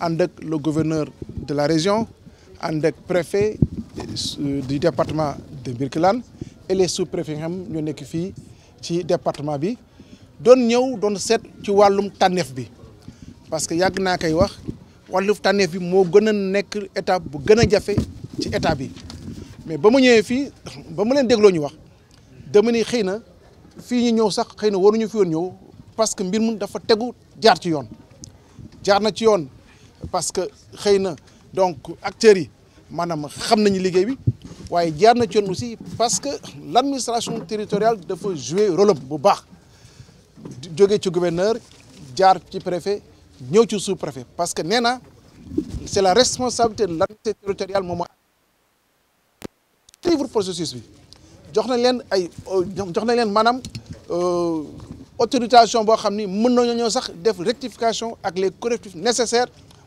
ànd le gouverneur de la région ànd ak préfet du département de Birkelane et les sous-préfets xam ñoo nekk fii ci département bi doon ñëw doon seet ci wàllum tànneef bi parce que yàgg naa koy wax wàllum tànneef bi moo gën a nekk étape bu gën a ci état bi mais ba mu ñëwee fii ba mu leen dégloo ñu wax dama ni xëy ñu ñëw sax xeyna waru ñu fi won ñëw parce que mbir mu dafa tegu jaar ci yoon jaar na ci yoon parce que xeyna donc acteur yi manam xam nañu liggéey bi waye jaar na ci aussi parce que l'administration territoriale territoriale dafa jouer rôle bu baax jóge ci gouverneur jaar ci préfet ñëw ci sous préfet parce que néna c'est la responsabilité de l'administration territoriale moom suivre processus bi jox nañ leen ay jox len manam euh autorisation bo xamni ni mën nañoo sax def rectification ak les correctifs nécessaires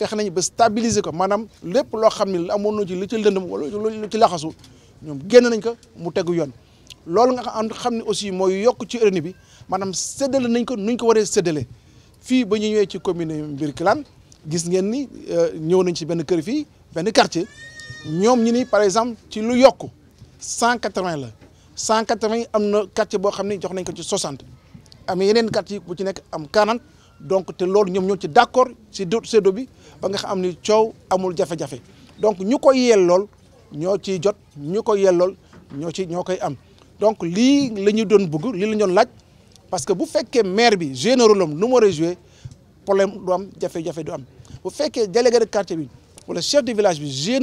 fexe nañu ba stabiliser ko maanaam lépp loo xam ni amoon na ci lu ci lëndëm wala lu ci laxasu ñoom génn nañ ko mu tegu yoon loolu nga xam ne aussi mooy yokk ci RNU bi maanaam séddale nañ ko nuñ ko waree séddale fii ba ñu ñëwee ci commune Birkelane gis ngeen ni euh, ñëw nañ ci benn kër fii benn quartier ñoom ñu ni par exemple ci lu yokk cent quatre-vingt la cent quatre-vingt am na quartier boo xam ne jox nañ ko ci soixante am yeneen quartier bu ci nekk am quarante donc te loolu ñoom ñoo ci d'accord si do bi ba nga xam ni coow amul jafe-jafe donc ñu yel yellool ñoo ciy jot ñu yel yellool ñoo ci ñoo koy am donc li la ñu doon li lii la ñu parce que bu faites maire bi généralement nous mu war problème du am jafe-jafe du am bu fekkee délégué de quartier bi le chef de village bi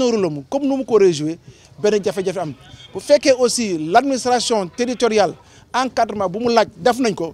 comme nous mu ko ben a joué benn jafe-jafe am bu fekkee aussi l'administration territoriale encadrement bu mu laaj def nañ ko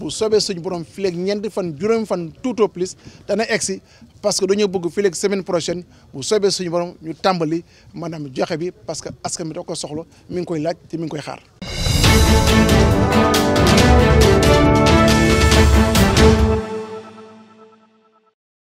bu soobee suñu borom fileeg ñeenti fan juróom fan tout au plus dana si parce que dañoo bëgg fileeg semaine prochaine bu soobee suñu borom ñu tàmbali maanaam joxe bi parce que askan bi doo ko soxla mi ngi koy laaj te mi ngi koy xaar.